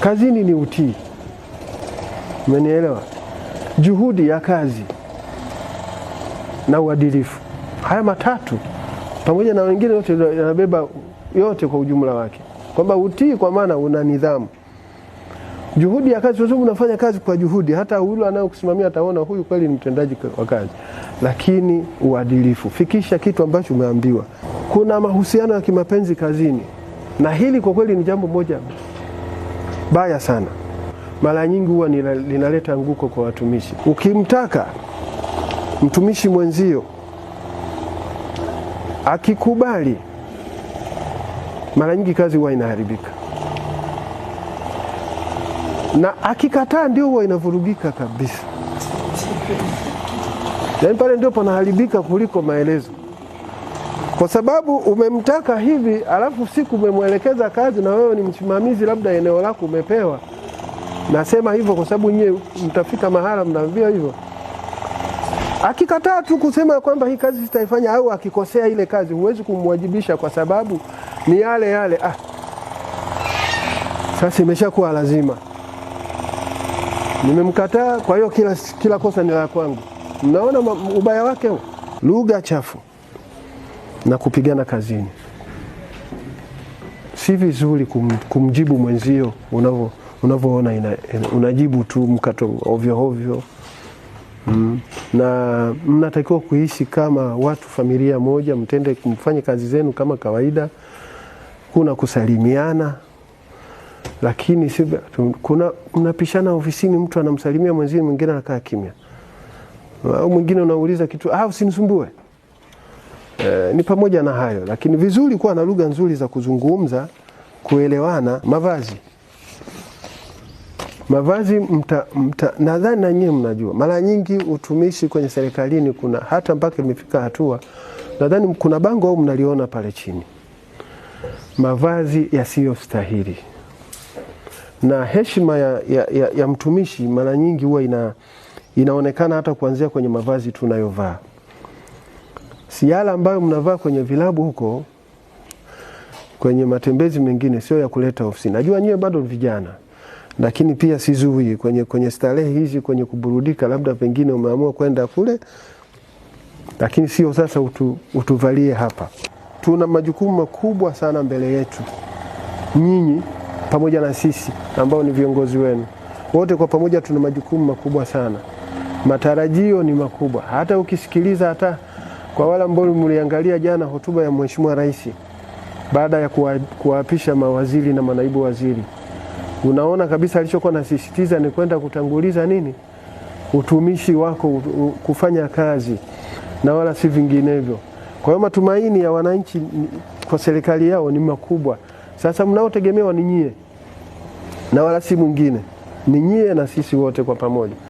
Kazini ni utii, umenielewa? Juhudi ya kazi na uadilifu, haya matatu pamoja na wengine yote yanabeba yote kwa ujumla wake, kwamba utii kwa maana una nidhamu juhudi ya kazi, kwa sababu unafanya kazi kwa juhudi, hata yule anayokusimamia ataona huyu kweli ni mtendaji wa kazi. Lakini uadilifu, fikisha kitu ambacho umeambiwa. Kuna mahusiano ya kimapenzi kazini, na hili kwa kweli ni jambo moja baya sana, mara nyingi huwa linaleta anguko kwa watumishi. Ukimtaka mtumishi mwenzio akikubali, mara nyingi kazi huwa inaharibika, na akikataa ndio huwa inavurugika kabisa, yaani pale ndio panaharibika kuliko maelezo kwa sababu umemtaka hivi, alafu siku umemwelekeza kazi, na wewe ni msimamizi, labda eneo lako umepewa. Nasema hivyo kwa sababu nyie mtafika mahala mnaambia hivyo. Akikataa tu kusema kwamba hii kazi sitaifanya, au akikosea ile kazi, huwezi kumwajibisha kwa sababu ni yale yale. Ah, sasa imeshakuwa lazima, nimemkataa, kwa hiyo kila, kila kosa ni la kwangu. Mnaona ubaya wake, lugha chafu na kupigana kazini. Si vizuri kum, kumjibu mwenzio unavyo unavyoona unajibu tu mkato ovyo ovyo. Mm. Na mnatakiwa kuishi kama watu familia moja, mtende mfanye kazi zenu kama kawaida, kuna kusalimiana, lakini si kuna mnapishana ofisini, mtu anamsalimia mwenzini, mwingine anakaa kimya, au mwingine unauliza kitu, ah, usinisumbue Eh, ni pamoja na hayo, lakini vizuri kuwa na lugha nzuri za kuzungumza, kuelewana. Mavazi, mavazi mta, mta, nadhani na nyinyi mnajua, mara nyingi utumishi kwenye serikalini kuna hata mpaka imefika hatua, nadhani kuna bango au mnaliona pale chini, mavazi yasiyostahili na heshima ya, ya, ya, ya mtumishi mara nyingi huwa ina, inaonekana hata kuanzia kwenye mavazi tunayovaa si yale ambayo mnavaa kwenye vilabu huko, kwenye matembezi mengine, sio ya kuleta ofisini. Najua nyiwe bado vijana, lakini pia sizui kwenye, kwenye starehe hizi, kwenye kuburudika, labda pengine umeamua kwenda kule, lakini sio sasa utu, utuvalie hapa. Tuna majukumu makubwa sana mbele yetu, nyinyi pamoja na sisi ambao ni viongozi wenu wote kwa pamoja, tuna majukumu makubwa sana, matarajio ni makubwa. Hata ukisikiliza hata kwa wale ambao mliangalia jana hotuba ya Mheshimiwa Rais baada ya kuwaapisha mawaziri na manaibu waziri, unaona kabisa alichokuwa nasisitiza ni kwenda kutanguliza nini, utumishi wako kufanya kazi na wala si vinginevyo. Kwa hiyo matumaini ya wananchi kwa serikali yao ni makubwa. Sasa mnaotegemewa ni nyie na wala si mwingine, ni nyie na sisi wote kwa pamoja.